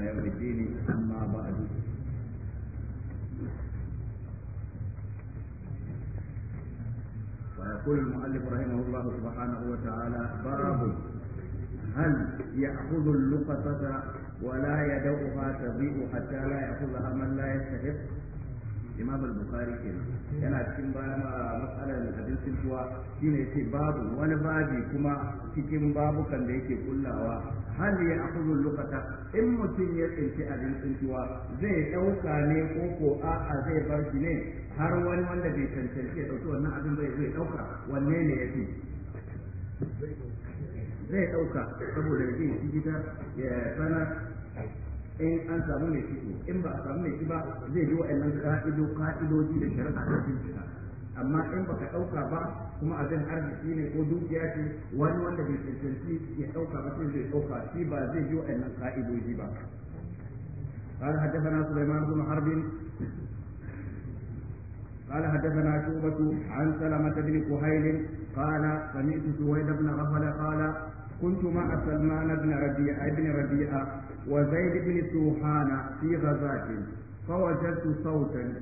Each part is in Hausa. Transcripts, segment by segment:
إلى يوم الدين أما بعد ويقول المؤلف رحمه الله سبحانه وتعالى باب هل يأخذ اللقطة ولا يدعها تضيء حتى لا يأخذها من لا يستحق imam al-bukhari kenan yana cikin bayan ah, matsalar hadisin kuwa shine yace babu wani babi kuma cikin babukan da yake kullawa hal ya akhudhu lukata in mutum ya tsinci hadisin kuwa zai dauka ne ko ko a'a zai bar shi ne har wani wanda bai cancanci ya dauki wannan abin bai zai dauka wanne ne yake zai dauka saboda zai shi gida ya sanar in an samu mai ciki in ba a samu mai ciki ba zai yi wa'annan ka'ido ka'idoji da shari'a ta bincika amma in ba ka ɗauka ba kuma abin arziki ne ko dukiya ce wani wanda bai cancanci ya ɗauka ba sai zai ɗauka shi ba zai yi wa'annan ka'idoji ba قال حدثنا سليمان بن حرب قال حدثنا شعبة عن سلمة بن كهيل قال سمعت سويد بن غفل قال كنت مع سلمان بن ربيعة بن ربيعة وزيد بن سوحان في غزاة فوجدت صوتا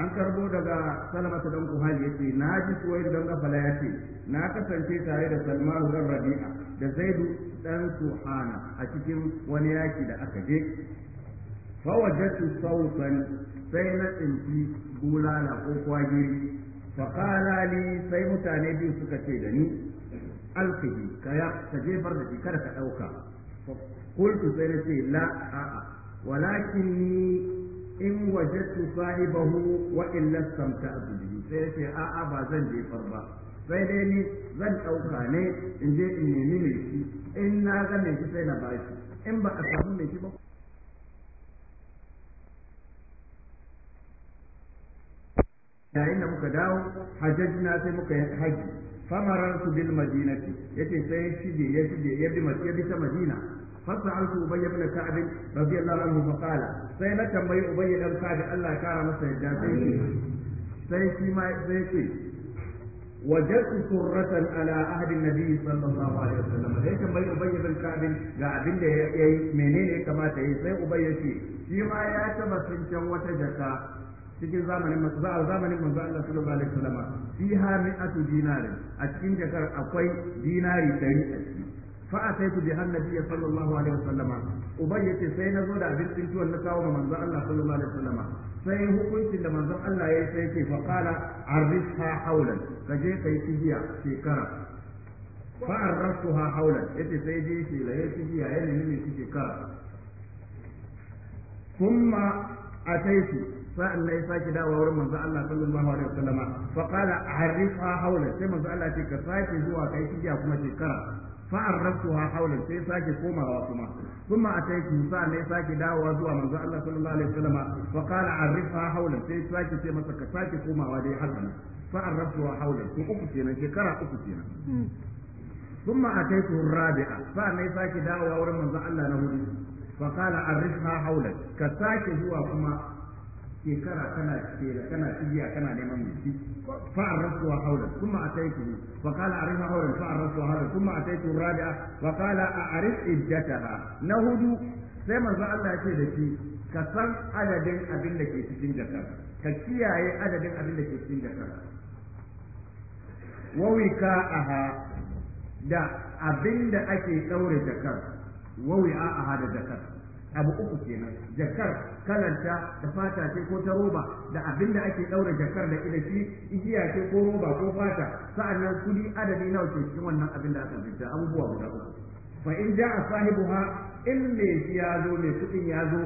an karbo daga salamata don kuhal ya ce na ji suwaid don gafala ya ce na kasance tare da salman dan rabi'a da zaidu dan suhana a cikin wani yaki da aka je Ba fawajatu sautan sai na tsinci bulala ko kwagiri faƙala li sai mutane biyu suka ce da ni alfihi ka jefar da shi kada ka ɗauka kultu sai na ce la walakin ni in wajattu sahibahu wa illa samta'tu bihi sai ce a'a ba zan jefar ba sai dai ni zan ɗauka ne in je in nemi mai shi in na ga mai shi sai na bashi in ba a samu mai shi ba yayin da muka dawo hajjajina sai muka yi haji famarar su bil Ya ce sai shige ya shige ya bi ya bi ta madina fasa al kuma ya bin ka'abin rabbi allah anhu fa qala sai na tambayi ubayya dan ka'abin allah ya kara masa yadda sai shi sai shi ma sai shi wajadtu surratan ala ahdi nabi sallallahu alaihi wasallam sai tambayi ubayya dan ka'abin ga abin da ya yi menene kamata yi sai ubayya ce. shi ma ya taba sun wata jaka cikin zamanin za'a zamanin manzo Allah sallallahu alaihi wasallam ha mi'atu dinarin a cikin jakar akwai dinari 100 a ciki fa ataitu bi annabi sallallahu alaihi wasallam ubay yace sai na zo da abin tsintuwar na kawo ma manzo Allah sallallahu alaihi wasallam sai hukuncin da manzo Allah ya sai yake fa qala arrisha haulan kaje kai tijiya shekara fa arrastuha haulan yace sai je shi la yace tijiya yana nemi shekara kuma ataitu sa'an nan ya saki dawo wurin manzo Allah sallallahu alaihi wasallam fa qala arifa hawla sai manzo Allah ce ka sake zuwa kai kija kuma shekara fa arrafuha hawla sai sake komawa kuma kuma a sai ki sa'an nan ya saki dawo zuwa manzo Allah sallallahu alaihi wasallam fa qala arifa hawla sai ya sai masa ka sake komawa dai shekara shekara kana shekara kana tijiya kana neman miki fa arrasu wa hawla kuma ataitu wa qala arifa hawla fa arrasu wa hawla kuma ataitu rabi'a wa qala a'rif iddataha na hudu sai manzo Allah ya ce da shi ka san adadin abin da ke cikin jakar ka kiyaye adadin abin da ke cikin jakar wa aha da abin da ake daure jakar wa aha da jakar abu uku kenan jakar kalanta da fata ce ko ta roba da abin da ake daura jakar da ita shi igiya ce ko roba ko fata sa'annan kudi adadi nawa ke cikin wannan abin da aka fita abubuwa guda uku fa in ja'a sahibuha in me shi ya zo me kudin ya zo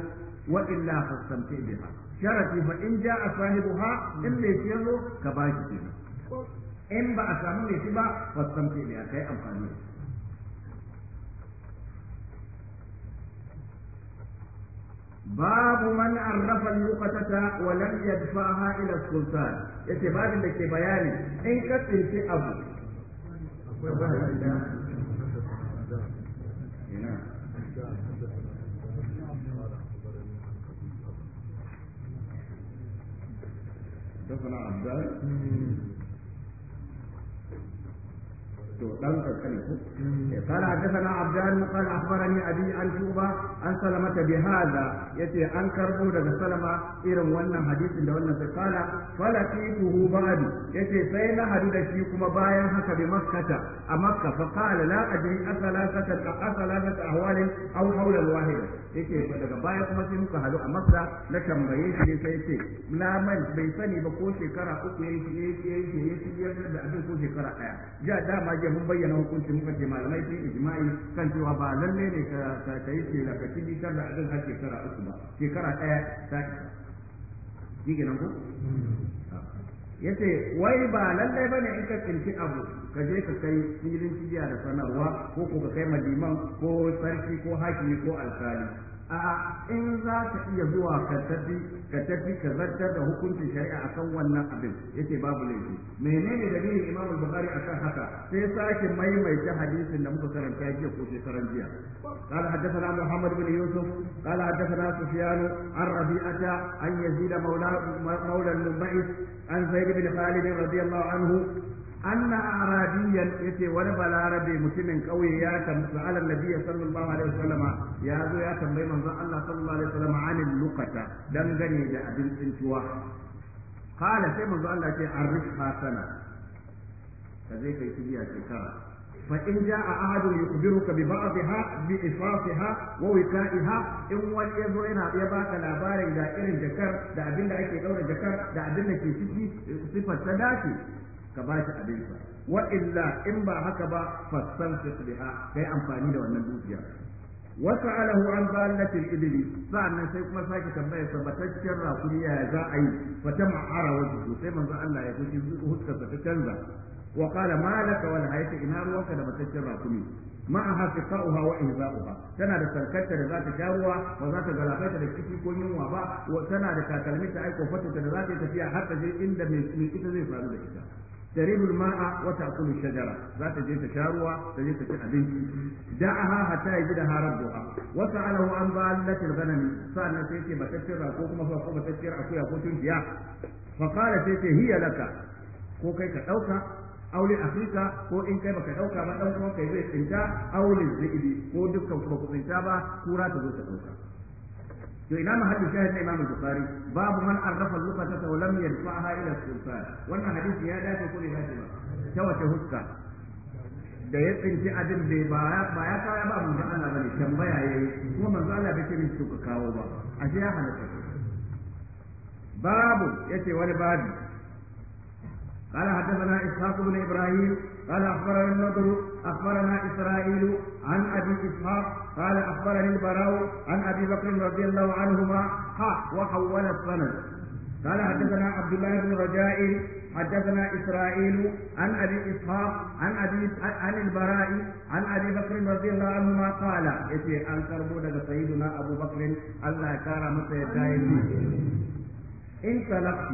wa illa fasamti biha sharafi fa in ja'a sahibuha in me shi ya zo ka ba shi kenan in ba a samu me shi ba fasamti biha kai amfani da باب من عرف اللقطة ولم يدفعها إلى السلطان yace babin da ke bayani in ka tsinci abu to dan ka kane ku kana ga sana abdan qala akhbarani abi an tuba an salamata bi hada yace an karbo daga salama irin wannan hadisin da wannan sai kala falatihu ba'di yace sai na hadu da shi kuma bayan haka bi makkata a makka fa kala la adri asala sakat ka asala da ahwal aw hawla al yace daga baya kuma sai muka hadu a makka na tambaye shi sai yace na mai bai sani ba ko shekara uku yayi yayi yayi yayi da abin ko shekara daya ya ma. ce mun bayyana hukunci muka ce malamai sun ijma'i kan cewa ba lalle ne ka kai ce la ka cikin kan da azan har shekara uku ba shekara ɗaya ta shi ko yace wai ba lallai bane in ka tsinci abu ka je ka kai filin cibiya da sanarwa ko ko ka kai maliman ko sarki ko hakimi ko alkali A'a, in za ka iya zuwa ka tafi ka tafi zartar da hukuncin shari'a akan wannan abin ya ce babu laifi menene dalilin Imam Bukhari akan haka sai sake maimaita hadisin da muka karanta jiya ko shekaran jiya قال حدثنا محمد بن يوسف قال حدثنا سفيان عن ربيعة an يزيد مولى مولى numba'is, عن زيد بن خالد رضي الله عنه anna arabiyan yace wani balarabe mutumin kauye ya tambaye ala nabi sallallahu alaihi wasallam ya zo ya tambayi manzon Allah sallallahu alaihi wasallam anil luqata dangane da abin tsintuwa kala sai manzon Allah ce arif hasana ka zai kai kibiya shekara fa in jaa ahadu yukhbiruka bi ba'dha bi ifafiha wa wika'iha in wani ya yana ya baka labarin da irin jakar da abin da ake daura jakar da abin da ke ciki sifar ta dace ka ba shi abinsa wa illa in ba haka ba fassan biha kai amfani da wannan dukiya wasu alahu an zalatil sa'an nan sai kuma sake tambaya tabbataccen rakuri ya za a yi fata ma'ara wasu sai manzo Allah ya kuci huskarsa ta canza wa qala ma laka wal ina ruwanka da mataccen rakuri ma haka ka'uha wa ihza'uha tana da sarkarta da za ta ba za ta galabaita da kifi ko yunwa ba tana da takalmi ta aiko fata da za ta tafiya har ta je inda mai ita zai faru da ita تريب الماء وتأكل الشجرة ذات جيت شاروة تجيت أبنتي دعها حتى يجدها ربها وسأله عن ضالة الغنم سألنا سيتي بتشير أكوكما فأكو بتشير أكو يقوتون فيها فقال سيتي هي لك كوكي كتوكا أو لأخيك كو إن كيف كتوكا ما تنكو كيف إنتا أو للزئبي كو دكا كو كنتا با كورا تبوتا to ina mahallin Sha ya Imam Bukhari babu man arrafa lukata wa lam yarfa'ha ila sultan wannan hadisi ya dace ko ya ba ta wace huska da ya tsinci abin da ba ya kawo ba mun da bane tambaya yayi kuma manzo Allah bai ce to ka kawo ba ashe ya halatta babu yace wani babu قال حدثنا إسحاق بن إبراهيم قال أخبرنا النضر أخبرنا إسرائيل عن أبي إسحاق قال أخبرني البراء عن أبي بكر رضي الله عنهما ح وحول الصند قال حدثنا عبد الله بن رجاء حدثنا إسرائيل عن أبي إسحاق عن أبي عن البراء عن أبي بكر رضي الله عنهما قال يسير أن كربونا سيدنا أبو بكر الله كرم سيدنا انطلقت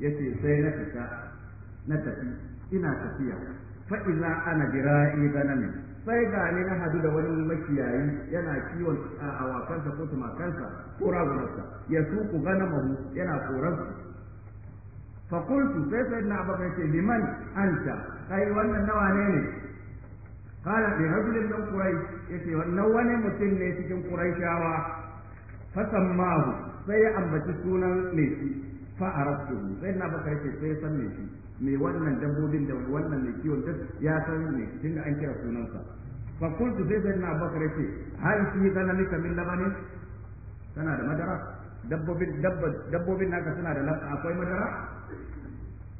يتي سيدنا na tafi ina tafiya fa iza ana bira'i ganamin sai ga ni na hadu da wani makiyayi yana kiwon awakansa ko tumakansa ko ragunarsa ya suku ganamahu yana koransu fa qultu sai sai na baka ce liman anta kai wannan nawa ne ne قال kurai yake wannan wani mutum ne cikin fa sammahu sai ya ambaci sunan ne shi fa arabtu sai na baka ce sai san mai shi mai wannan dabbobin da wannan mai kiwon duk ya san ne tunda an kira sunansa fa qultu sai sai na bakar ce hal fi ni min labanin kana da madara dabbobin dabbobin naka suna da labanin akwai madara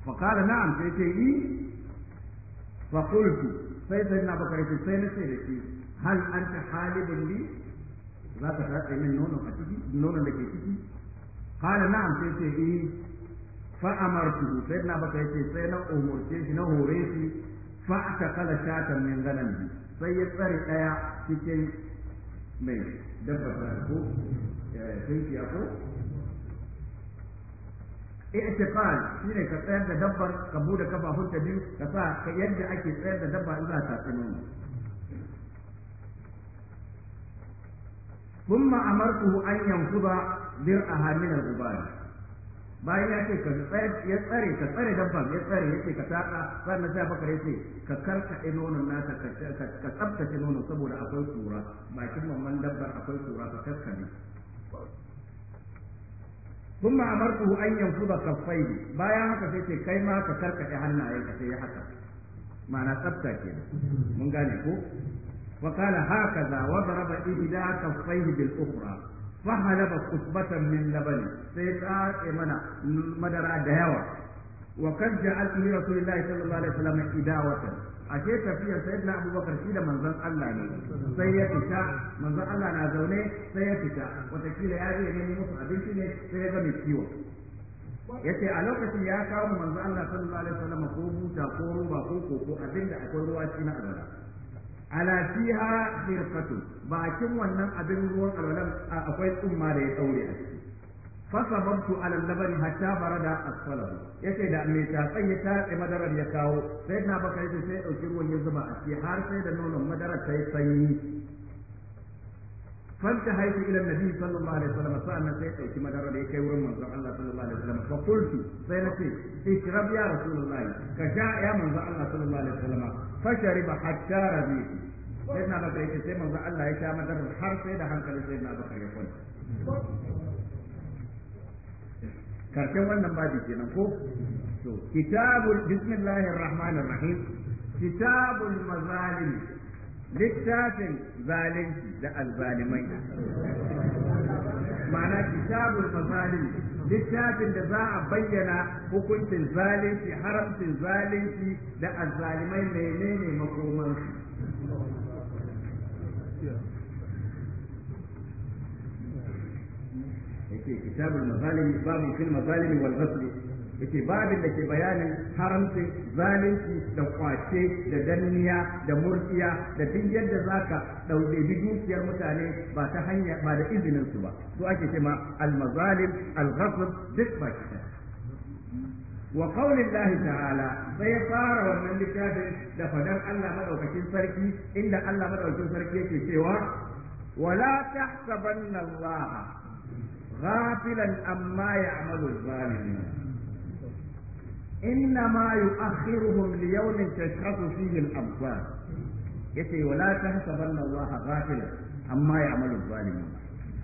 fa qala na'am sai ce yi fa qultu sai sai na bakar ce sai na ce da shi hal anta halibun li za ka tatse min nono a ciki nonon da ke ciki qala na'am sai ce yi fa amartu sai na baka yace sai na umurce shi na hore shi fa kala shatan min bi sai ya tsare daya cikin mai dabba ko eh, tunkiya ko i'tiqal shine ka tsayar da dabbar ka bude ta biyu ka sa ka yadda ake tsayar da dabba in za ta tsano ثم أمرته أن ينفض درعها al الغبار bayan ya ce ka ya tsare ka tsare dabban ya tsare ya ce ka saka sannan sai bakar ya ce ka karka ɗin nonon nasa ka tsabtace nonon saboda akwai tsura bakin mamman dabbar akwai tsura ka karka ne. kun ma amarku an yanzu da ne bayan haka sai ce kai ma ka karkaɗe hannayen ka sai ya haka ma'ana tsabta ke mun gane ko wakala haka za wa zaraba ihda kafai bil ukhra فحلب كتبة من لبن سيقاء منا madara da yawa. جعلت لرسول الله صلى الله عليه وسلم إداوة ashe tafiyar sayyidina abubakar shi da manzon Allah ne sai ya fita manzon Allah na zaune sai ya fita watakila ya je nemi musu abinci ne sai ya ga mai Ya ce a lokacin ya kawo manzon Allah sallallahu alaihi wasallam ko buta ko roba ko koko abinda akwai ruwa cikin azara ala fiha khirqatu bakin wannan abin ruwan alwalan akwai tsumma da ya daure a ciki fasababtu ala laban hatta barada asfalahu yace da mai tatsan ya tatse madarar ya kawo sai na baka yace sai dauki ruwan ya zuba a ciki har sai da nonon madarar ta yi sanyi fanta haitu ila nabi sallallahu alaihi wasallam sa'an sai dauki madarar da ya kai wurin manzon Allah sallallahu alaihi wasallam fa qultu sai na ce ishrab ya rasulullahi ka ja ya manzon Allah sallallahu alaihi wasallam fashariba hatta rabitu sai na baka yake sai manzo Allah ya sha madarar har sai da hankali sai na baka ya kwanta karshen wannan babi kenan ko to kitabul bismillahir rahmanir rahim kitabul mazalim littafin zalunci da alzalimai ma'ana kitabul mazalim littafin da za a bayyana hukuncin zalunci haramcin zalunci da azzalimai menene su yake kitabul mazalimi babu fil mazalimi wal ghasb yake babin da ke bayanin haramci zalunci da kwace da danniya da murtiya da duk yadda zaka bi dukiyar mutane ba ta hanya ba da izinin su ba to ake cewa al-mazalim al-ghasb duk ba ki wa qawlin lahi ta'ala sai fara wannan littafin da fadan Allah madaukakin sarki inda Allah madaukakin sarki yake cewa wala tahsabanna Allah ghafilan amma ya'malu zalimin إنما يؤخرهم ليوم تشخص فيه Ya yace wala tahsabanna Allah ghafila amma ya'malu zalimun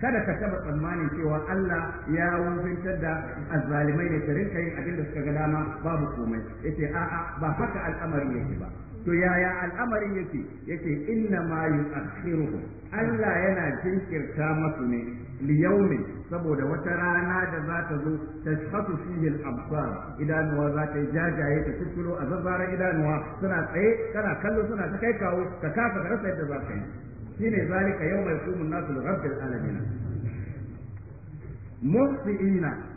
kada ka taba tsammanin cewa Allah ya wufintar da azzalimai ne ta rinka yin abin da suka ga dama babu komai yace a'a ba haka al'amari yake ba to yaya al'amarin yake yace inna ma yu'akhiruhu Allah yana jinkirta masu ne liyaumin saboda wata rana da za ta zo ta fihi al-absar idanuwa za ta jajaye ta tuttulo a zazzara idanuwa suna tsaye kana kallo suna ta kai kawo ka kafa ka rasa yadda za ka yi shine zalika yawma yaqumu an-nasu li rabbil alamin muhsiina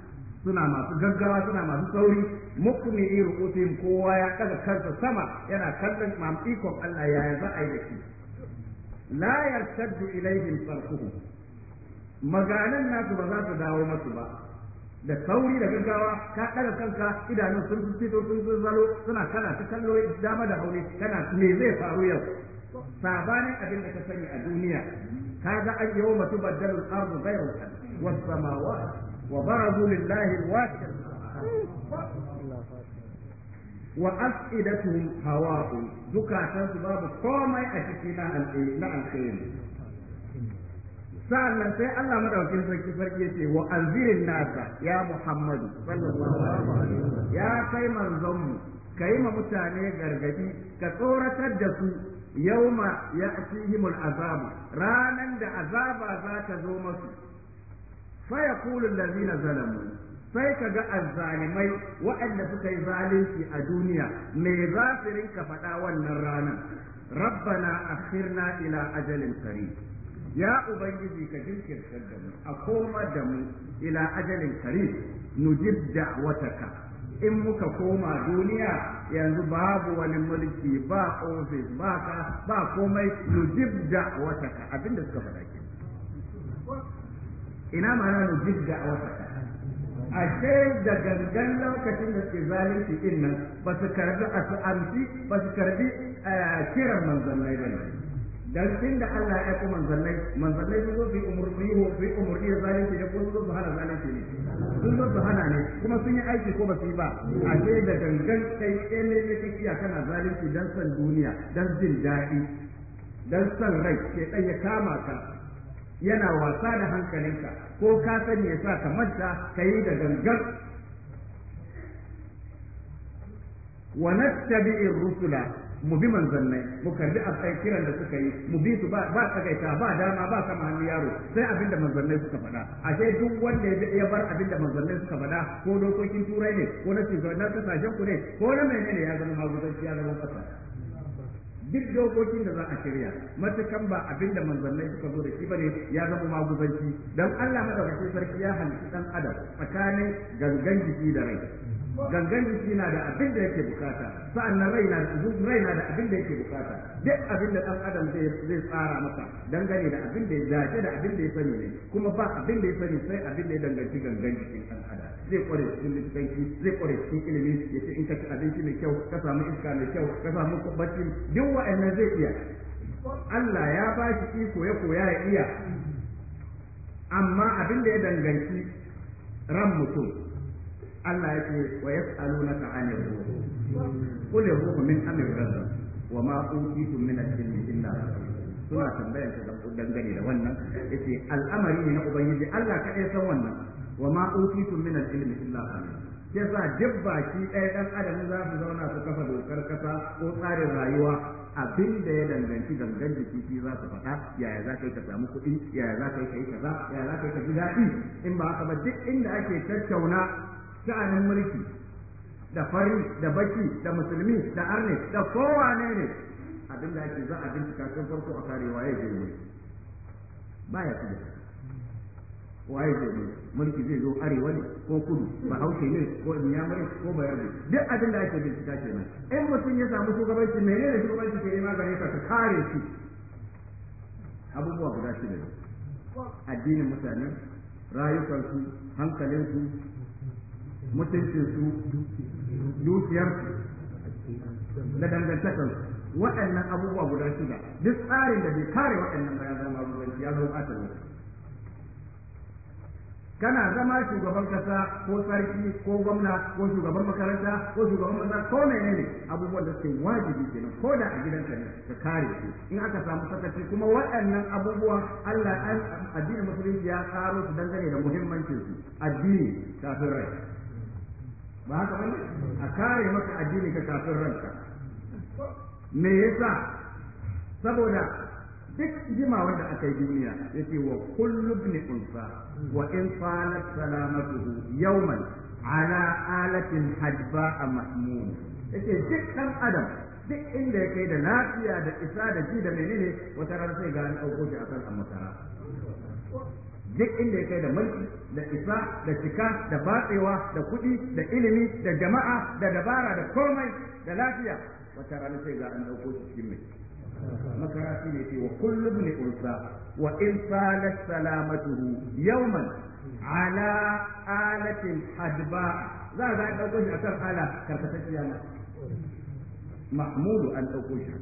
suna masu gaggawa suna masu sauri muku ne iri ru'usihim kowa ya kaga kansa sama yana kallon mam ikon Allah ya za a yi da shi la yartaddu ilaihim maganan nasu ba za su dawo masu ba da sauri da gaggawa ka ɗaga kanka idanun sun fito sun sun zalo suna kana ta kallo dama da haure kana me zai faru yau sabanin abin da ka sani a duniya kaga an yau mutu baddalul ardu ghayru wasu samawati وبرزوا لله الواحد وأفئدتهم هواء cikin باب قوم أشكنا الخير sa'annan sai Allah madaukakin sarki sarki ce wa anzirin nasa ya Muhammadu sallallahu alaihi ya kai manzonmu ka yi ma mutane gargadi ka tsoratar da su yau yauma ya'tihimul azabu. ranan da azaba za ta zo masu fa yaqulu allazina zalamu sai ka ga azzalimai waɗanda suka yi zalunci a duniya me za su rinka faɗa wannan ranar rabbana akhirna ila ajalin qarib ya ubangiji ka jinkirta da mu a koma da mu ila ajalin kari nujib da'wataka in muka koma duniya yanzu babu wani mulki ba ofis ba ka ba komai nujib da'wataka abinda suka faɗa ke ina ma'ana mu jidda a wata ashe da gangan lokacin da ke zalunci din nan ba su karbi a su amsi ba su karbi eh, kiran manzannai ba dan tun da Allah ya aiko manzannai manzannai sun zo fi umurni ho yi umurni da zalunci ne ko sun zo hana zalunci ne sun zo hana ne kuma sun yi aiki ko ba su yi ba ashe da gangan kai ne ne kiya kana zalunci dan san duniya dan jin daɗi dan san rai ke ya kama ka yana wasa da hankalinka ko ka sani ya sa ka manta ka yi da gangan wa tabi'in rusula mu bi manzannai mu karbi a kiran da suka yi mu bi su ba tsakaita ba dama ba kama hannu yaro sai abin da manzannai suka faɗa sai duk wanda ya bar abin da manzannai suka faɗa ko dokokin turai ne ko na shugaban kasashen ku ne ko na menene ya zama maguzanci ya zama fasa duk dokokin da za a shirya matukan ba abin da manzannin suka zo da shi bane ya zama maguzanci don Allah madaukakin sarki ya halitta dan adam tsakanin gangan jiki da rai gangan jiki na da abin da yake bukata sa'annan rai na rai na da abin da yake bukata duk abin da dan adam zai tsara masa dangane da abin da ya dace da abin da ya sani ne kuma ba abin da ya sani sai abin da ya danganci gangan jikin dan adam zai kware cikin likitanci zai kware cikin ilimi ya ce in ka ci abinci mai kyau ka samu iska mai kyau ka samu bacci duk wa'annan zai iya Allah ya ba shi iko ya koya ya iya amma abin da ya danganci ran mutum Allah ya ce wa yas'alunaka 'anil ruh qul ruhu min amri rabbi wa ma utitum min al-ilmi illa suna tambayar ka dangane da wannan yace al'amari ne na ubangiji Allah kaɗai san wannan wa ma utitum min al-ilmi illa qalil yasa duk baki ɗaya dan adam za su zauna su kafa dokar kasa ko tsarin rayuwa abin da ya danganci gangan jiki shi za su faɗa yaya za ka yi ka samu kuɗi yaya za ka yi ka yi kaza yaya za ka yi ka ji daɗi in ba haka ba duk inda ake tattauna sha'anin mulki da fari da baki da musulmi da arne da kowa ne abin da ake za a bincika tun farko a karewa ya je Ba ya fi da waye je mulki mulki zai zo arewa ne ko kudu ba haushe ne ko inyamai ko ne, duk abin da ake bincika kenan in mutum ya samu shugabanci ne shugabanci ke nema gare ka ka kare shi abubuwa guda shida ne addinin mutane rayukansu hankalinsu mutuncinsu dukiyarsu da dangantakansu waɗannan abubuwa guda shida duk tsarin da bai kare waɗannan ba ya zama abubuwan ya zama ɓata kana zama shugaban kasa ko sarki ko gwamna ko shugaban makaranta ko shugaban maza ko ne abubuwan da suke wajibi kenan ko da a gidanka ne ka kare su in aka samu sakaci kuma waɗannan abubuwan Allah an addinin musulunci ya karo su dangane da muhimmancin su addini kafin rai ba haka bane a kare maka addini ka kafin ranka me yasa saboda duk jimawar da aka yi duniya ya ce wa kullu ne unsa wa in falat salamatuhu yawman ala alatin hajba hadba'a mahmud ce duk ɗan adam duk inda ya kai da lafiya da isa da ji da menene wata rana sai ga an a shi akan amakara duk inda ya kai da mulki da isa da cika da batsewa da kuɗi da ilimi da jama'a da dabara da komai da lafiya wata rana sai ga an ɗauko shi cikin mai makarasi ne cewa wa kullum ne ƙulsa wa in salat salamatuhu yawman ala alatin hadba za a ga dauko shi kan ala karkatacciya mahmudu an ɗauko shi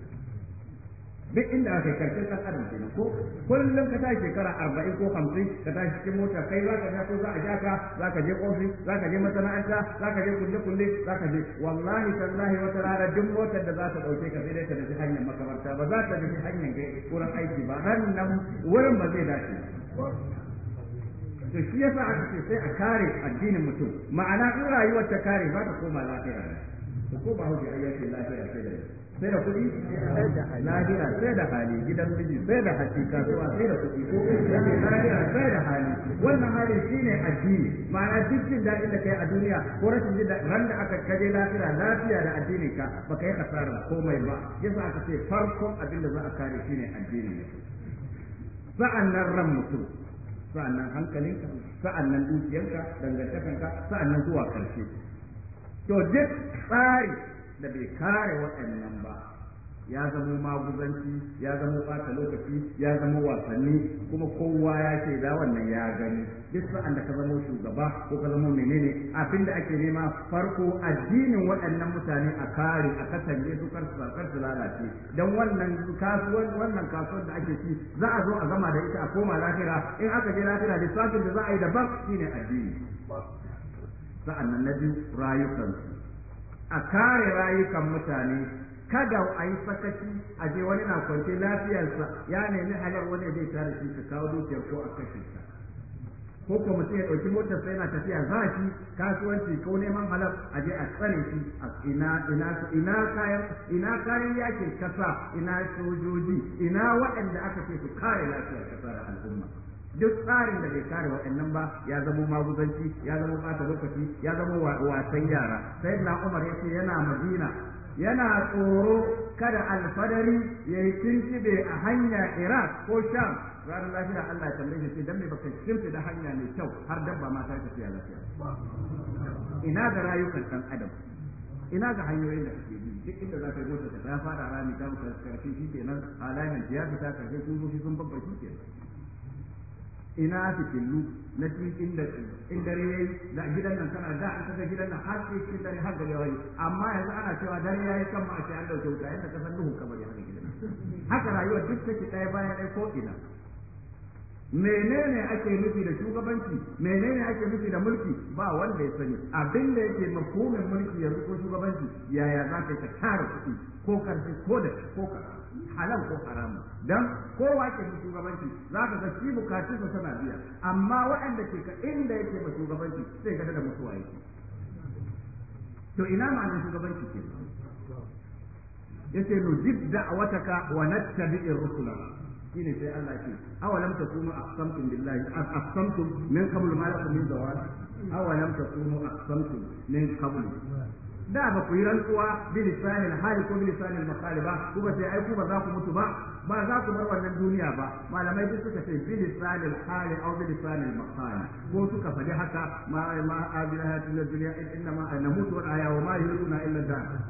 duk inda aka yi karshen dan adam ke ko kullum ka tashi shekara arba'in ko hamsin ka tashi cikin mota kai za ka ja ko za a ja ka za ka je ofis za ka je masana'anta za ka je kulle kulle za ka je wallahi tallahi wata rana duk motar da za ta ɗauke ka sai dai ta tafi hanyar makamarta ba za ta tafi hanyar wurin aiki ba nan nan wurin ba zai dace to shi yasa aka ce sai a kare addinin mutum ma'ana in rayuwar ta kare ba ta koma lafiya ko ba hujja ayyace lafiya ce da sai da kuɗi sai da hali gidan miji sai da haƙi kasuwa sai da kuɗi ko lahira sai da hali wannan hali shine addini ma'ana duk jin daɗin da kai a duniya ko rashin jin daɗin ran da aka kaje lafiya lafiya da addini ka baka yi kasarar komai ba yasa aka ce farkon abin da za a kare shine addinin sa'an nan ran mutum sa'annan hankalinka nan dukiyarka dangantakanka nan zuwa karshe to duk tsari da bai kare waɗannan ba ya zama maguzanci ya zama ɓata lokaci ya zama wasanni kuma kowa ya ce da wannan ya gani duk sa'an da ka zamo shugaba ko ka zamo menene abin da ake nema farko addinin waɗannan mutane a kare a kasance su kar su lalace don wannan kasuwar wannan kasuwar da ake ci za a zo a gama da ita a koma lafiya in aka je lafiya lissafin da za a yi daban shine addini sa'an nan na biyu rayukansu a kare rayukan mutane kada a yi sakaci a je wani na kwance lafiyarsa ya nemi halar wani zai tare shi ka kawo dukiyar ko a kashe ta ko ko mutum ya ɗauki motar sai yana tafiya za shi kasuwanci ko neman halar a je a tsare shi a ina kayan ina kayan yakin kasa ina sojoji ina waɗanda aka ce su kare lafiyar kasa da al'umma duk tsarin da bai kare waɗannan ba ya zama maguzanci ya zama bata lokaci ya zama wasan yara sai na umar ya ce yana madina yana tsoro kada alfadari ya yi kincibe a hanya iraq ko sham ranar lafiya allah ya tambaye shi don me baka kimfi da hanya mai kyau har dabba ma ta tafiya lafiya ina ga rayukan dan adam ina ga hanyoyin da kake bi duk inda za ka gota ta fara rami ta mutu karshe shi kenan halayen ya fita karshe sun zo shi sun babba shi kenan ina fitillu na cikin da in dare yayi da gidan nan kana da an kaga gidan nan har sai cikin dare har da yayi amma yanzu ana cewa dare yayi kan ma a ce an dauke wuta yanda ka san duhun kamar ya haka gidan haka rayuwa duk take ɗaya bayan ɗaya ko ina menene ake nufi da shugabanci menene ake nufi da mulki ba wanda ya sani abin da yake makomin mulki yanzu ko shugabanci yaya za ka tara kuɗi ko karfi ko da ko karfi halal ko haramu dan kowa ke da shugabanci zaka ga shi bukatun sa tana biya amma waɗanda ke ka inda yake ba shugabanci sai ka da mutuwa yake to ina ma'anar shugabanci ke yace nujib da'wataka wa nattabi'ir rusula shine sai Allah ce awalam takunu aqsamtum billahi aqsamtum min qabl ma lakum min zawal awalam takunu aqsamtum min qabl da ba ku yi rantsuwa bilisanin hali ko bi lisanil makali ba ku ba sai ai ku ba za ku mutu ba ba za ku bar wannan duniya ba malamai duk suka ce bi hali au bi makali ko suka faɗi haka ma ma abilahatul dunya in ma mutu wa ayaw ma yuruna illa dan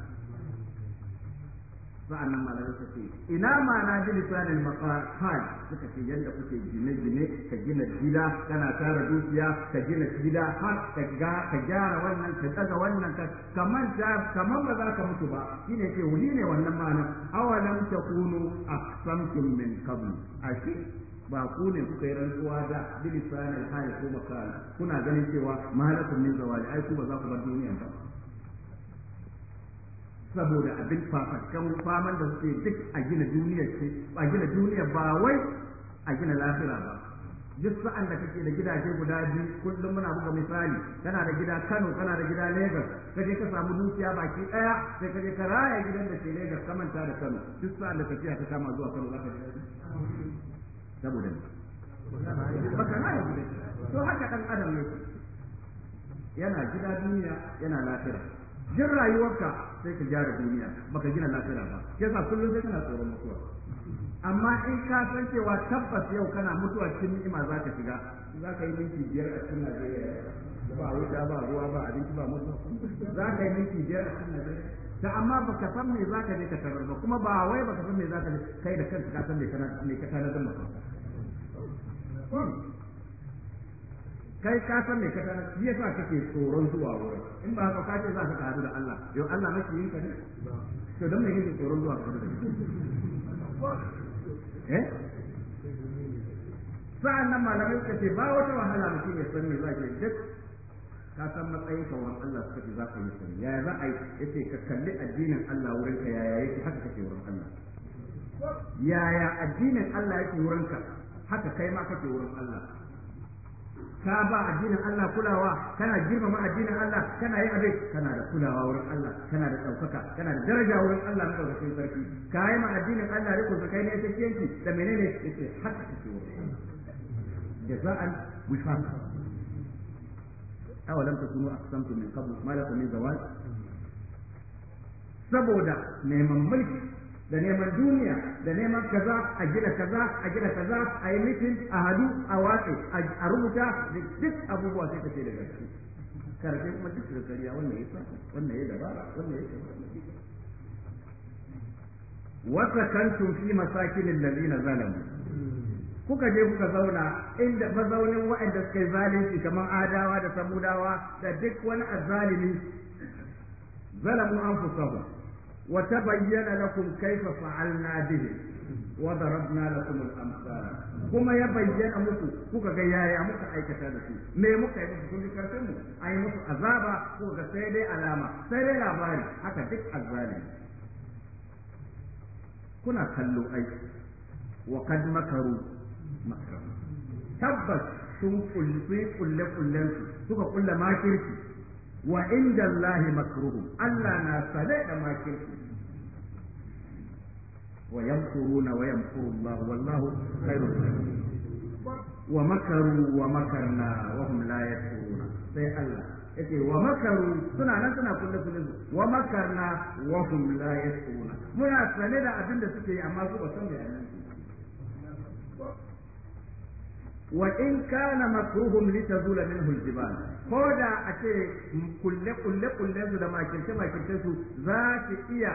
nan malamai su ce ina ma na ji lisanin maqal suka ce yadda kuke gine gine ka gina gida kana tara dukiya ka gina gida har ka gyara wannan ka daga wannan ka kaman ta kaman ba za ka mutu ba shine ce wuri ne wannan ma'anar awalam a samkin min a shi ba ku ne kuka yi rantsuwa da bilisanin alhali ko makal kuna ganin cewa mahalakun min zawali ai ku ba za ku bar duniya ba saboda abin fafakan faman da suke duk a gina duniya ce a gina duniya ba wai a gina lafiya ba duk sa'an da kake da gidaje guda biyu kullum muna buga misali kana da gida Kano kana da gida legas ka je ka samu dukiya baki daya sai ka je ka raya gidan da ke Lagos ka manta da Kano duk sa'an da kake ka kama zuwa Kano zaka je saboda baka raya to haka dan adam ne yana gida duniya yana lafira jin rayuwarka sai ka gyara duniya baka gina lafiya ba ke sa kullum sai kana tsoron mutuwa amma in ka san cewa tabbas yau kana mutuwa cikin ni'ima za ka shiga za ka yi minti biyar a cikin Najeriya ba wuta ba ruwa ba abinci ba mutuwa za ka yi minti biyar a cikin Najeriya da amma ba ka san me za ka je ka tarar ba kuma ba wai ba ka san me za ka kai da kanka ka san me ka tarar da mutuwa kai ka san me ka tana shi yasa kake tsoron zuwa wurin in ba haka ka ce za ka taru da Allah yau Allah maki yin ka ne to dan me kake tsoron zuwa ka eh sa'an nan malamai suka ce ba wata wahala mutum ya san me za ka duk ka san matsayin ka wurin Allah suka ce za ka yi sani yaya za a yi yace ka kalli addinin Allah wurin ka yaya yake haka kake wurin Allah yaya addinin Allah yake wurin ka haka kai ma kake wurin Allah ka ba addinin Allah kulawa kana girmama addinin Allah kana yi abin kana da kulawa wurin Allah kana da ɗaukaka kana da daraja wurin Allah na ɗaukakin sarki ka yi ma addinin Allah riko ka kai ne kiyanki da menene yake haka take wurin jaza'an wifaqa awalam takunu aqsamtum min qabl ma lakum min zawal saboda neman mulki da neman duniya da neman kaza a gina kaza a gina kaza a yi mitin a hadu a watsi a rubuta da duk abubuwa sai ka ce da gaske Karfe kuma duk da kariya wannan ya saka wannan ya dabara wannan ya wata kantum fi masakinin na zalamu kuka je kuka zauna inda mazaunin wa'anda suka yi zalunci kamar adawa da samudawa da duk wani azzalimi zalamu anfusahum وتبين لكم كيف فعلنا به وضربنا لكم الامثال كما يبين لكم كوكا جايا يا مكا أي كتابتي مي مكا يبقى كل كتابتي أي مكا أذابا كوكا سيدي علامة سيدي لاباري حتى تك الظالم كنا خلوا اي وقد مكروا مكرا تبت sun كل kulle kullensu كل ما makirci wa inda Allah makruhu Allah na sale da makirci wa yamkuruna wa yamkuru Allah wallahu khairul wa makaru wa makarna wa hum la yashuruna sai Allah ce wa makaru suna nan suna kulle kulle wa makarna wa hum la yashuruna muna sale da abin da suke yi amma su ba san da wa in kana makruhum litazul minhu aljibal ko da ace kulle kulle kulle su da makirce makirce su za su iya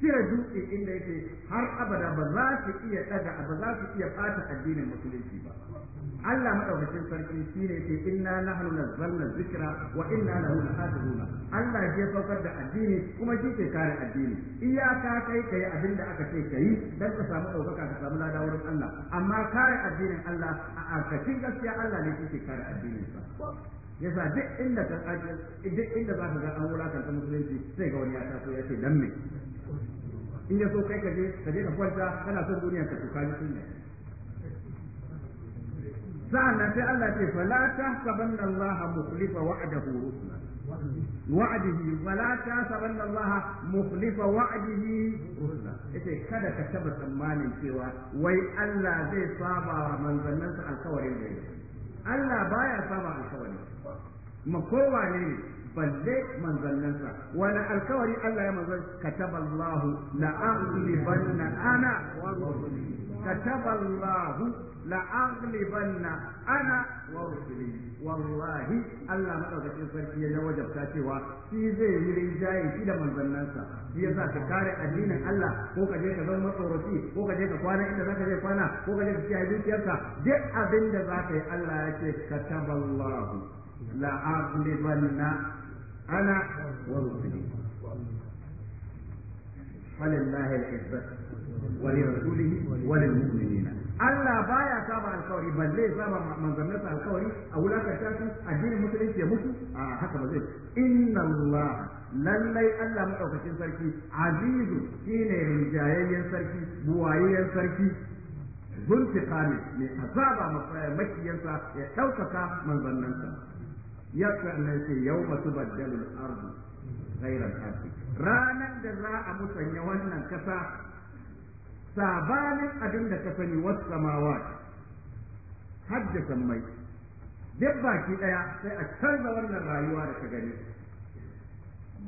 cire dutse inda yake har abada ba za su iya daga ba za su iya fata addinin musulunci ba Allah madaukakin sarki shine ke inna nahnu nazzalna zikira, wa inna lahu lahafizuna Allah ya saukar da addini kuma shi ke kare addini iyaka kai kai abin da aka ce kai dan ka samu daukaka ka samu lada wurin Allah amma kare addinin Allah a alkacin gaskiya Allah ne shi kare addinin sa yasa duk inda ka duk inda za ka ga an kan musulunci sai ga wani ya taso ya ce dan me in ya so kai ka je ka je ka kwanta kana son duniya ka tuka ji sunna sa'annan sai Allah ce la tahsabanna Allah mukhlifa wa'dahu rusula wa'dihi la tahsabanna Allah mukhlifa wa'dihi rusula yace kada ka taba tsammanin cewa wai Allah zai saba wa manzanninsa alkawarin da yake Allah baya saba alkawarin ma kowa ne balle manzannansa wani alkawari Allah ya manzan kataballahu la'aghlibanna ana wa rusuli kataballahu la'aghlibanna ana wa rusuli wallahi Allah madaukakin sarki ya wajabta cewa shi zai yi rinjaye shi da manzannansa shi yasa ka kare addinin Allah ko ka je ka zama matsoroci ko ka je ka kwana inda zaka je kwana ko ka je ka kiyaye dukiyarka duk abin da zaka yi Allah ya ce kataballahu لأغلبن أنا ورسلي فلله العزة ولرسوله وللمؤمنين Allah baya saba alkawari ba zai saba manzannansa alkawari a wulakanta su addinin musulunci ya mutu a haka ba zai inna Allah lallai Allah madaukakin sarki azizu shine rinjayayyen sarki buwayayyen sarki zuntiqami mai azaba makiyansa ya ɗaukaka manzannansa ya ce yau masu baddalin ardu ghairan ardi ranar da za a musanya wannan kasa sabanin abin da ka sani wasu samawa hadda mai duk baki daya sai a canza wannan rayuwa da ka gani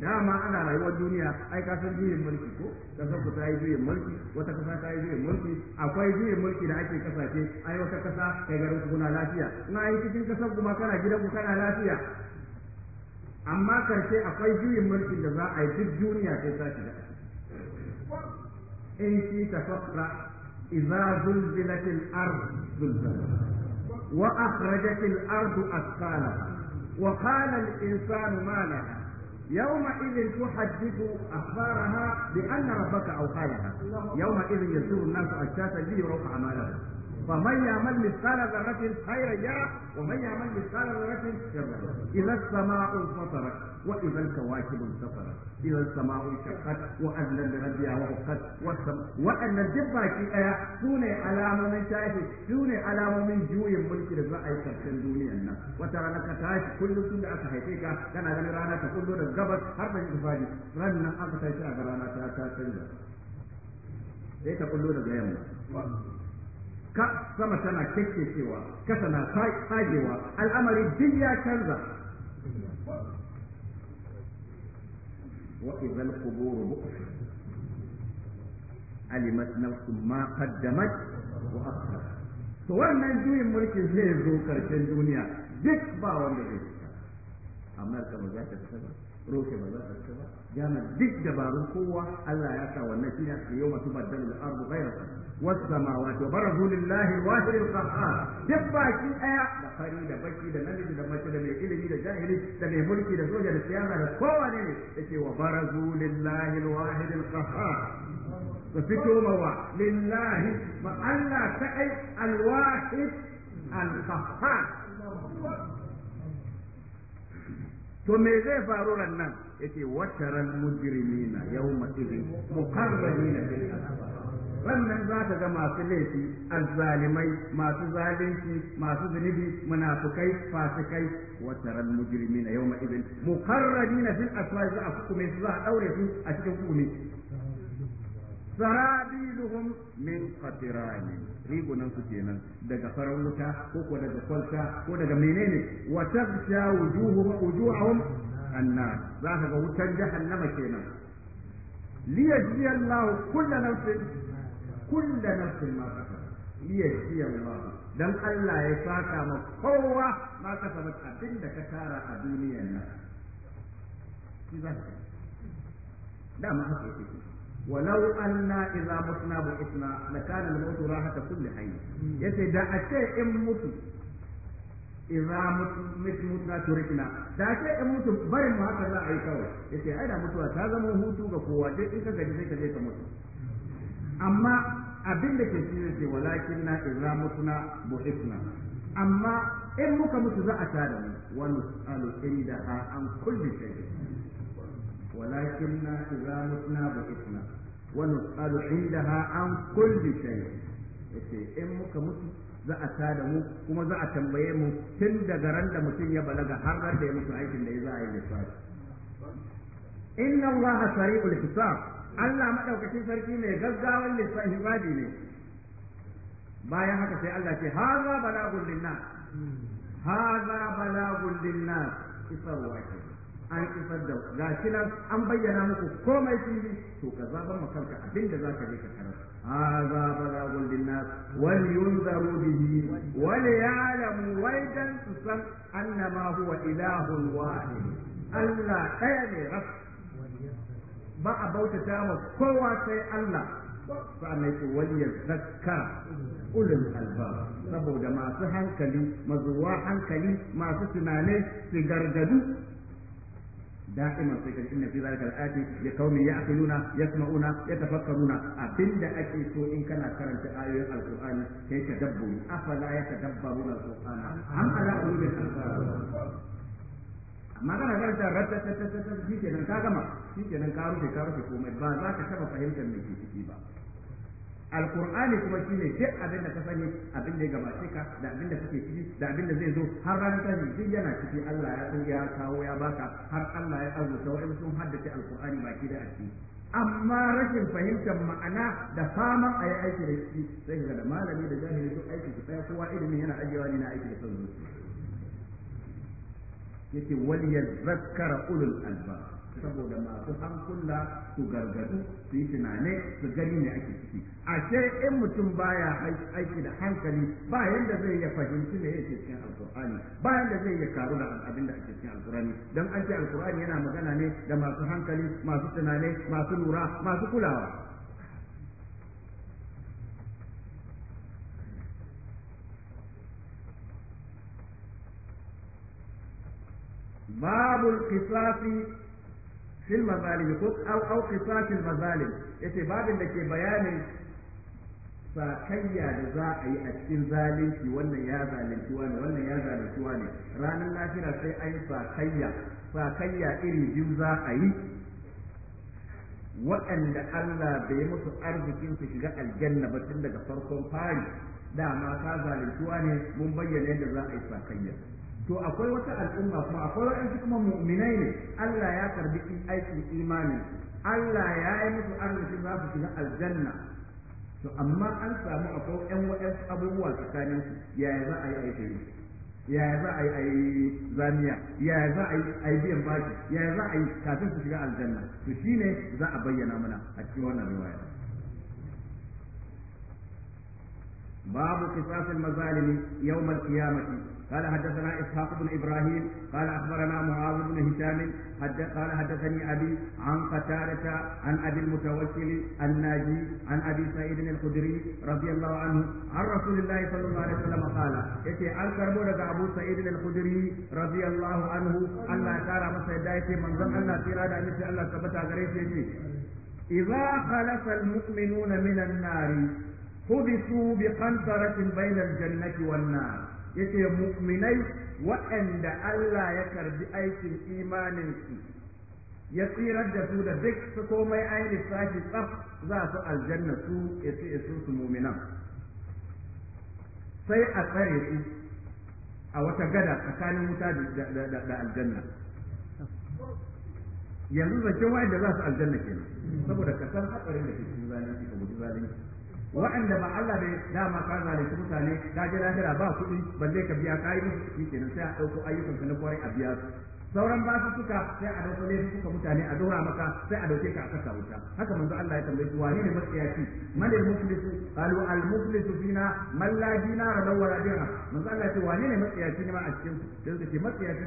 dama ana rayuwar duniya ai ka san juyin mulki ko kasar ku ta yi juyin mulki wata kasa ta yi juyin mulki akwai juyin mulki da ake kasace ai wata kasa kai garin ku kuna lafiya na yi cikin kasan ku ma kana gidan ku kana lafiya amma karshe akwai juyin mulki da za a yi duk duniya sai ta shiga in shi fakra idza zulzilatil ard zulzalaha wa akhrajatil ard asqalaha wa qala al insanu ma laha يومئذ تحدث أخبارها بأن ربك أوحى لها يومئذ يصير الناس أشتاتا ليروا أعمالهم فمن يعمل مثقال ذرة خيرا يرى ومن يعمل مثقال ذرة شرا إذا السماء انفطرت وإذا الكواكب انتفرت إذا السماء انشقت وأذن لربها وأخت والسماء وأن الدبة في آية سوني علامة من شايفه سوني علامة من جوي ملك الرأي كرسل دوني الناس وترى لك تاش كل سنة أتحيتك كان هذا رانا تقول له الجبل حرب الجفاجي رانا أكتشف رانا تاش تاش sai ta kullo daga yamma ka sama tana kekkecewa kasa na tsagewa al'amari duk ya canza wa idzal qubur bu'thir alimat nafsun ma qaddamat wa akhar to wannan juyin mulkin zai zo karshen duniya duk ba wanda zai fita amurka ba za ta fita ba roke ba za ta fita ba jami'a duk dabarun kowa Allah ya sa wannan shi ne su yau masu baddalul ardu ghayra والسماوات وبرزوا لله الواحد القهار يبقى شيء يا بخاري ده بكي ده نبي ده مكي ده ميكي ده ده جاهلي ده لله الواحد القهار وفيتو موا لله ما ألا سأي الواحد القهار تميزي فارولا النام يكي وترى المجرمين يومئذ مقربين wannan za ta ga masu laifi azzalimai masu zalunci masu zunubi munafukai fasikai wa na mujrimina yawma idin muqarrabina fil aswaq za a hukume su za a daure su a cikin hukumi sarabiluhum min qatirani rigunan su kenan daga farar wuta ko ko daga kwalta ko daga menene wa tabsha wujuhum wujuhum anna za ka ga wutar jahannama kenan liyajziya kullu nafsin kulle nafsin ma kasa iya shi Allah dan Allah ya saka ma kowa ma kasa abin da ka tara a duniyar nan shi za ka da ma haka yake walau anna idza mutna bi isna la kana al-mautu rahata kulli hayy yace da a ce in mutu idza mutu mutna turikna da ce in mutu bari mu haka za a yi kawai yace ai da mutuwa ta zama hutu ga kowa dai in ka gaji sai ka je ka mutu amma abin da ke cikin ce walakin na irra mutuna bu'ithna amma in muka mutu za a tada mu wa nus'alu inda an kulli shay walakin na irra mutuna bu'ithna wa nus'alu ha an kulli shay yace in muka mutu za a tada mu kuma za a tambaye mu tun daga ran da mutum ya balaga har ran da ya mutu aikin da ya za a yi lissafi inna allaha sari'ul hisab Allah madaukakin sarki mai gaggawan lissafi baji ne bayan haka sai Allah ce haza balagun linnas haza balagun linnas isarwa wake. an isar da gashi nan an bayyana muku komai fili to ka zaban ma kanka abin da zaka je ka karanta haza balagun linnas wal yunzaru bihi wal wai dan su san annama huwa ilahun wahid Allah ɗaya ne rabb ba a bautata ma kowa sai Allah ko wani ya zakka ulul alba saboda masu hankali mazuwa hankali masu tunani su gargadu da'iman sai kan inna fi zalika al-ayati ya qaumi ya'qiluna yasma'una yatafakkaruna abinda ake so in kana karanta ayoyin alqur'ani sai ka dabbu afala yatadabbaruna alqur'ana am ala ulul albab magana zan ta rata ta ta ta shi kenan ka gama shi kenan ka rufe ka rufe komai ba za ka taba fahimtar me ke ciki ba alkur'ani kuma shi ne duk abin da ka sani abin da ya gabace ka da abin da kake ciki da abin da zai zo har ranar tashi duk yana ciki Allah ya san ya kawo ya baka har Allah ya arzuta wani sun haddace alkur'ani baki da ciki amma rashin fahimtar ma'ana da faman a yi aiki da shi sai ga da malami da jahili duk aiki su tsaya kowa ilimin yana ajiyewa ne na aiki da son yake wal yadhakkara ulul albab saboda masu hankula su gargadu su yi tunane su gani ne ake ciki ashe in mutum baya aiki da hankali ba yanda zai iya fahimci ne yake cikin alkur'ani ba yanda zai iya karu da abin da ake cikin alkur'ani dan an ce alkur'ani yana magana ne da masu hankali masu tunane masu lura masu kulawa باب القصاص في المظالم ko او قصاص المظالم yace babin da ke bayanin sakayya da za a yi a cikin zalunci wannan ya zalunci wani wannan ya zalunci wani ranar lafiya sai an yi sakayya sakayya iri biyu za a yi waɗanda Allah bai musu arzikin su shiga aljanna ba tun daga farkon fari dama ka zalunci wani mun bayyana yadda za a yi sakayya to akwai wata al'umma kuma akwai wa'ansu kuma mu'minai ne Allah ya karbi aikin imani Allah ya yi musu arzikin za su shiga aljanna to amma an samu akwai ƴan wa'ansu abubuwa tsakanin su yaya za a yi aiki yaya za a yi a zaniya yaya za a yi aibiyan baki yaya za a yi kafin su shiga aljanna to shine za a bayyana mana a cikin wannan riwaya باب قصاص المظالم يوم القيامة قال حدثنا إسحاق بن إبراهيم قال أخبرنا معاذ بن هشام قال حدثني أبي عن قتادة عن أبي المتوكل الناجي عن أبي سعيد الخدري رضي الله عنه عن رسول الله صلى الله عليه وسلم قال يتي عن كربونة أبو سعيد الخدري رضي الله عنه الله تعالى مسعدايتي من ظن الله في رادة مثل الله ثبت غريب إذا خلص المؤمنون من النار hubisu bi qantaratin bainal jannati wan nar yace mu'minai waɗanda Allah ya karbi aikin imanin su ya tsirar da su da duk komai ai lissafi tsaf za su aljanna su yace su su mu'minan sai a tsare su a wata gada tsakanin wuta da aljanna yanzu zancen wayar da za su aljanna kenan saboda ka san hatsarin da ke cikin zalunci ka guji zalunci wa'anda ba Allah bai dama ka zalunci mutane ka je lahira ba kuɗi balle ka biya kai musu kenan sai a ɗauko ayyukan ka na kwarai a biya su sauran ba su suka sai a dauko ne suka mutane a dora maka sai a dauke ka a kasa wuta haka manzo Allah ya tambaye wani ne matsayaci man al muflisu qalu al muflisu fina man la dinara law wala dirham manzo Allah ya ce wani ne matsayaci ne ma a cikin su dan su ce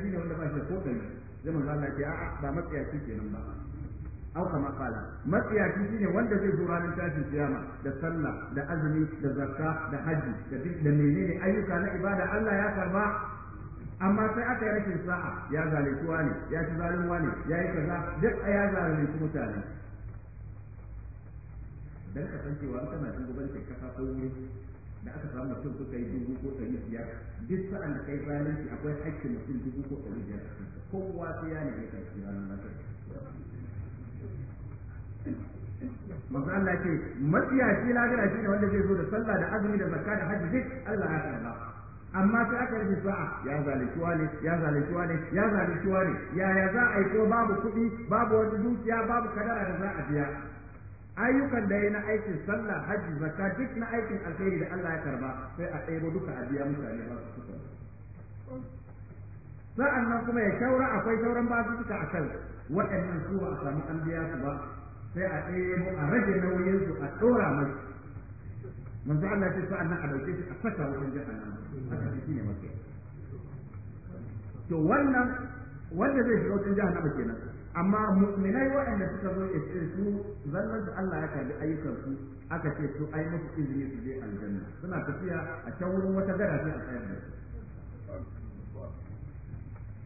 ne wanda ba shi da kokari sai manzo Allah ya ce a'a ba matsiyaci kenan ba au kama kala matsiyaci shine wanda zai zo ranar tashin kiyama da sallah da azumi da zakka da haji da duk da menene ayyuka na ibada Allah ya karba amma sai aka yi rashin sa'a ya zalunci wani ya ci zalunwa ne ya yi kaza duk ya zalunci mutane dan ka san cewa kana cin gaban kai kafa wuri da aka samu mutum suka yi dubu ko ɗari biyar duk sa'an da kai zalunci akwai haƙƙin mutum dubu ko ɗari biyar kowa sai ya ne ya kai ranar lafiya manzo Allah ce shi lagara shi ne wanda zai zo da sallah da azumi da zakka da hajji duk Allah ya karba amma sai aka rufe sa'a ah, ya zalunci ne ya zalunci ne ya zalunci ne yaya za a yi ko babu kuɗi babu wata dukiya babu kadara da za a biya ayyukan da ya yi na aikin sallah hajji zakka duk na aikin alheri da Allah ya karba sai a ɗebo duka a biya mutane ba su kuka. sa'an nan kuma ya shaura akwai sauran ba su a kan waɗannan su ba a sami an biya su ba sai a ɗebo a rage nauyin su a ɗora mai manzo Allah ce sa'an nan a dauke shi a saka wajen jahannama haka shi ne mafi to wannan wanda zai shiga wajen jahannama kenan amma mu'minai waɗanda suka zo ya ce su zallan su Allah ya kalli ayyukan su aka ce su ai musu izini su je aljanna suna tafiya a can wurin wata gara sai a tsayar da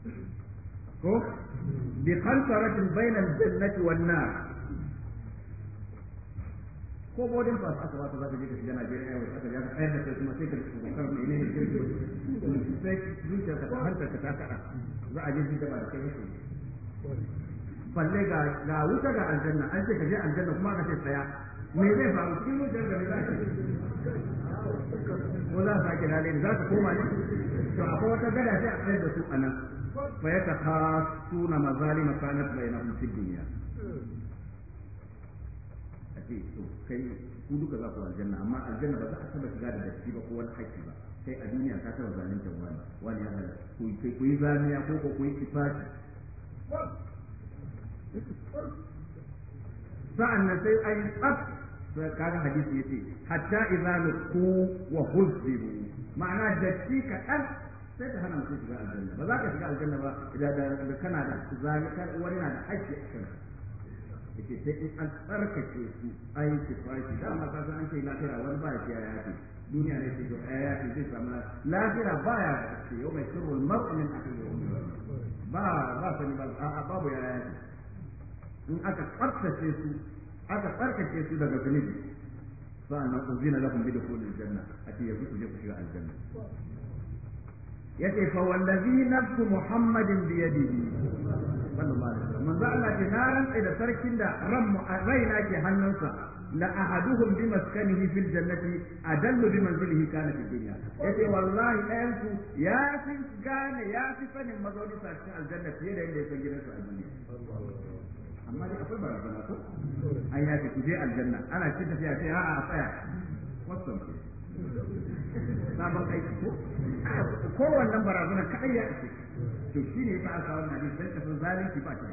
su ko bi qantaratin bainal jannati wan nar ko bodin ba aka ba za ta je ka shiga Najeriya yau aka ya tsaya da kuma sai ka kokar mai ne kirki sai zuciya ka hanta ta ta kada za a je ji da ba kai ne balle ga ga wuta ga aljanna an ce ka je aljanna kuma ka ce tsaya me zai faru cikin zuciyar da za ka ko za ka kira ne za ka koma ne to akwai wata gada sai a tsaya da su anan fa yaka khasuna mazalima kanat bainahum fid dunya ce to kai ku duka za ku aljanna amma aljanna ba za a taba shiga da datti ba ko wani haƙƙi ba kai a duniya ka taba zalunta wani wani ya zalunta ku kai ku yi zaniya ko ko ku yi kifati sa'an nan sai ayi tsaf kaga hadisi yace hatta idza luqu wa huzzibu ma'ana datti dan sai ka hana mutum shiga aljanna ba za ka shiga aljanna ba idan kana da wani na da haƙƙi a kanka yake sai in an tsarkake su an yi tufafi dama ka an ce lafiya wani ba ya yafi duniya ne ce to ya yafi zai samu lafiya ba ya yau mai min ba ba ba a babu ya yafi in aka tsarkake su aka tsarkake su daga zunubi sa'annan uzina lahum bi dukhulil janna ce yanzu ku je ku shiga aljanna fa wallazi nafsu muhammadin bi sallallahu alaihi wasallam manzo Allah ce na rantsa da sarkin da ran raina ke hannunsa la ahaduhum bi maskanihi fil jannati adallu bi manzilihi kana fi dunya yace wallahi ɗayan su ya fi gane ya fi sanin mazauni sa cikin aljanna fiye da yadda ya san gidansa a duniya amma dai akwai barazana ko an ya ku je aljanna ana cikin tafiya sai a'a a tsaya wasan sabon aiki ko kowannan barazana kaɗai ya ce to shi ne ba fara kawo hadisi dan ka san zalunci ba shi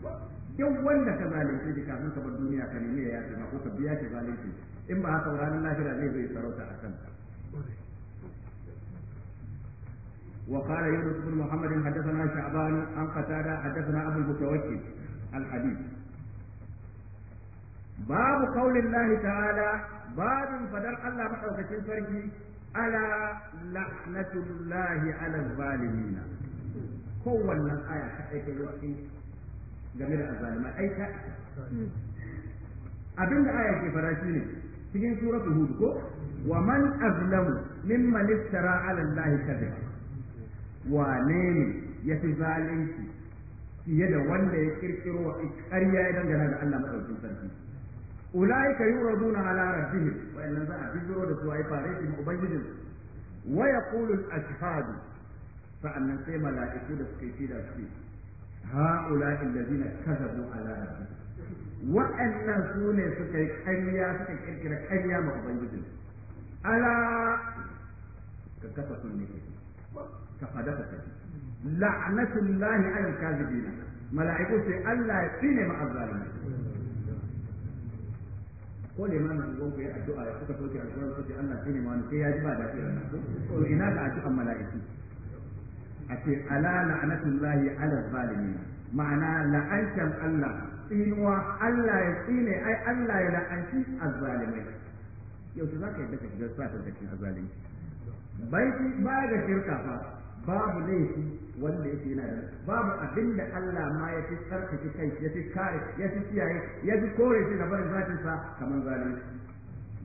da duk wanda ka zalunce shi kafin ka bar duniya ka nemi ya yafe ko ka biya shi zalunci in ba haka ranar lahira zai zai sarauta a kanta وقال يونس بن محمد حدثنا شعبان عن قتادة حدثنا أبو المتوكل الحديث باب قول الله تعالى باب فدر الله محوكة الفرق ألا لعنة الله على الظالمين wannan aya ta aika yi wasu game da azalima ai ta abin da aya ke fara shi ne cikin suratul hudu ko wa man azlamu mimman iftara ala allahi kadhiba wane ne fi zalunci fiye da wanda ya kirkiro wa ƙarya ya dangana da Allah madaukakin sarki ulaika yuraduna ala rabbihim wa illan za a bijiro da su ai fare shi ubangijin wa yaqulu al sa'annan sai mala'iku da suka yi da su ha'ula illazina kazabu ala rabbihim wa'annan su ne suka yi ƙarya suka kirkira ƙarya ma ubangijin ala ka kafa sunni ka fada ka kafi la'natullahi ala kazibina mala'iku sai Allah ya tsine ma azzalimin ko limamin uwan ku ya addu'a ya kuka soke alƙur'ani sai Allah tsine ma wani sai ya ji ba da kira na to ina ga addu'an mala'iku a ce ala la'anatullahi ala zalimin ma'ana la'ancan Allah tsinuwa Allah ya tsine ai Allah ya la'anci azzalimai yau za ka yi daga shigar sa ta cikin bai ki ba ga shirka fa babu laifi wanda yake yana da babu abin da Allah ma ya fi ki kai ya fi kare ya fi kiyaye ya fi kore shi gaban zatin sa kamar zalunci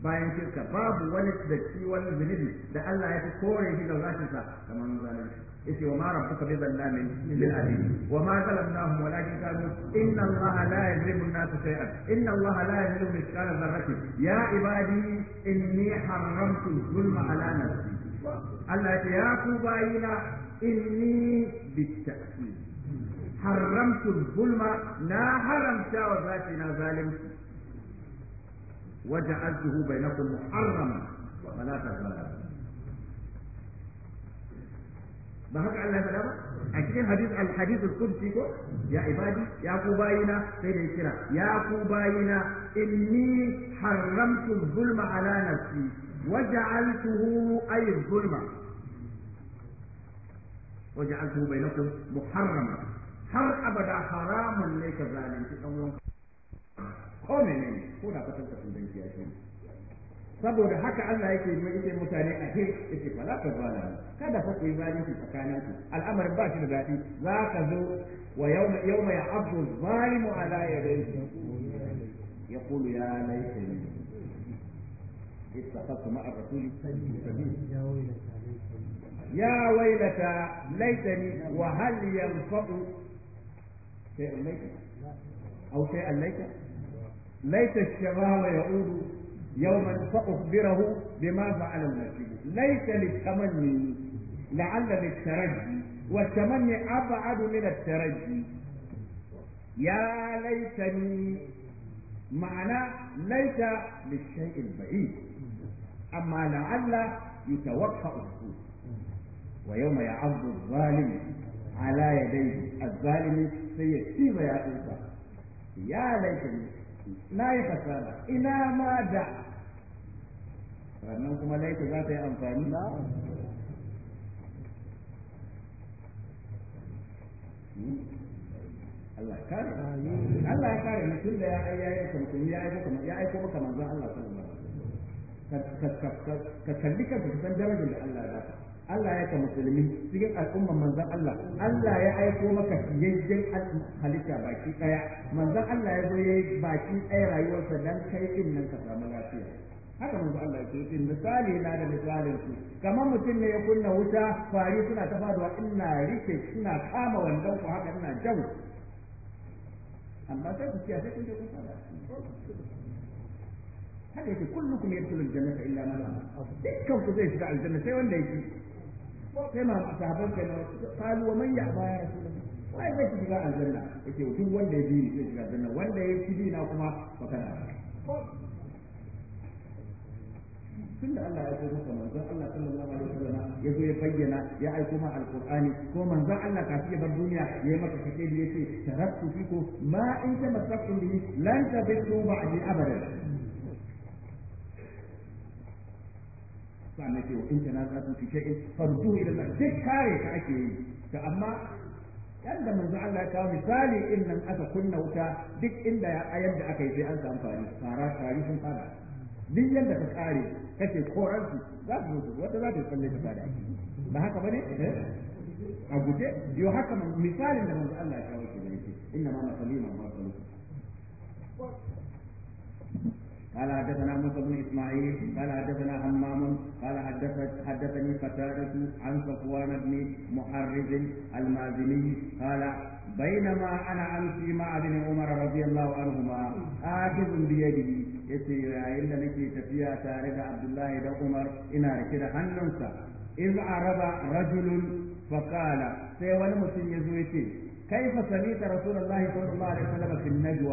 bayan shirka babu wani ki wani zunubi da Allah ya fi kore shi da zatin sa kamar zalunci يسي وما ربك بظلام للعليم وما ظلمناهم ولكن قالوا ان الله لا يظلم الناس شيئا ان الله لا يظلم مثقال ذره يا عبادي اني حرمت الظلم على نفسي التي يا كوباينا اني بالتاكيد حرمت الظلم لا حرمت وذاتنا ظالم وجعلته بينكم محرما فلا تظلموا ba haka Allah ya faɗa ba a cikin hadis al hadith al-qudsi ko ya ibadi ya ku bayina sai da kira ya ku bayina inni haramtu zulma ala nafsi waja'altuhu ay zulma waja'altuhu bainakum muharrama har abada haramun ne ka zalunci dan uwanka ko menene ko da fatan ka sun ya shi saboda haka Allah yake yi yake mutane a ke yake fala ka zalimi kada fa ku yi zalunci tsakanin ku al'amarin ba shi da daɗi za ka zo wa yawma yawma ya'abdu zalimu ala yadayhi yaqulu ya kulu ya laitani ittakhadtu ma'a rasuli sabila يا ويلتى ليتني وهل ينفع شيء ليس أو شيء ليس ليت الشباب يعود يوما فأخبره بما فعل النبي ليس للتمني لعل للترجي والتمني أبعد من الترجي يا ليتني معنى ليس للشيء البعيد أما لعل يتوقع السوء ويوم يعض الظالم على يديه الظالم سيشتم يا أنت يا ليتني na yi kasala ina ma da sannan kuma laifin za ta yi amfani Allah ya kare Allah ya kare mutum da ya aiko mutum ya aiko kuma ya aiko kuma manzon Allah sallallahu alaihi wasallam ka kalli kanka san darajar da Allah ya baka Allah ya ka musulmi cikin al'umman manzan Allah Allah ya aiko maka fiyayyen halitta baki daya manzan Allah ya zo yayi baki daya rayuwarsa dan kai din nan ka samu lafiya haka manzan Allah ya ce misali na da misalin su kamar mutum ne ya kunna wuta fari suna ta faduwa ina rike suna kama wandon ku haka ina jan amma sai ku ce sai kun je kun fada haka yake kullukum yadkhulul jannata illa man amana dukkan ku zai shiga aljanna sai wanda yake sai ma sahabban ka na kalu wa man ya ba ya rasulullah wai zai ci shiga aljanna yake duk wanda ya bi ni zai shiga aljanna wanda ya ci bi na kuma fa kana tunda Allah ya aiko maka manzon Allah sallallahu alaihi wasallam ya zo ya bayyana ya aiko ma alqur'ani ko manzon Allah kafi ya bar duniya ya maka kace da yace taraktu fiku ma in tamassaktum bihi lan tabidu ba'di abadan sannan ce wa inda na za su shi shay'in farduhu ila Allah duk kare ka ake yi ta amma yadda manzo Allah ya kawo misali in nan aka kunna wuta duk inda ya ayar da aka yi sai an samu fari fara fari sun fara duk yadda ka kare kake koran su za su mutu wata za ta tsalle ta fara ba haka ba ne? Eh? a guje yau haka misalin da manzo Allah ya kawo ke ne inna ma masalima ma sallallahu قال حدثنا موسى بن اسماعيل قال حدثنا همام قال حدثت حدثني قتادة عن صفوان بن محرز المازني قال بينما انا امشي مع ابن عمر رضي الله عنهما اخذ بيده yace yayin da nake tafiya tare da Abdullahi da Umar ina rike da hannunsa iz raba rajulun faqala sai wani mutum ya zo yace kaifa samita rasulullahi sallallahu alaihi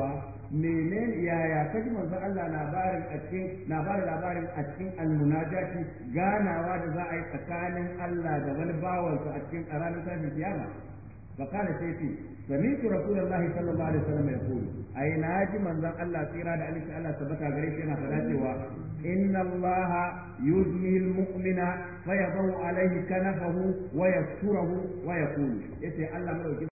menene yaya kaji manzon Allah labarin a cikin labarin labarin a cikin almunajati ganawa da za a yi tsakanin Allah da wani a cikin ranar tashin kiyama فقال سيتي سمعت رسول الله صلى الله عليه وسلم يقول اي ناجي من ذا الله سيرا ده عليك الله ثبت غريب انا فلاتوا ان الله يزني المؤمن فيضع عليه كنفه ويستره ويقول يتي الله